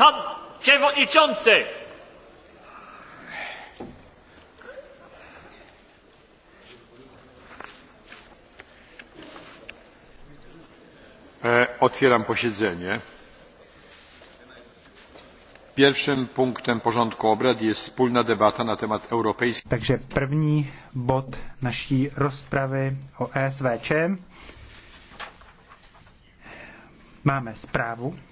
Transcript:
Pan przewodniczący! E, otwieram posiedzenie. Pierwszym punktem porządku obrad jest wspólna debata na temat europejskiej. Takže první bod naší rozpravy o ESVČ. Máme zprávu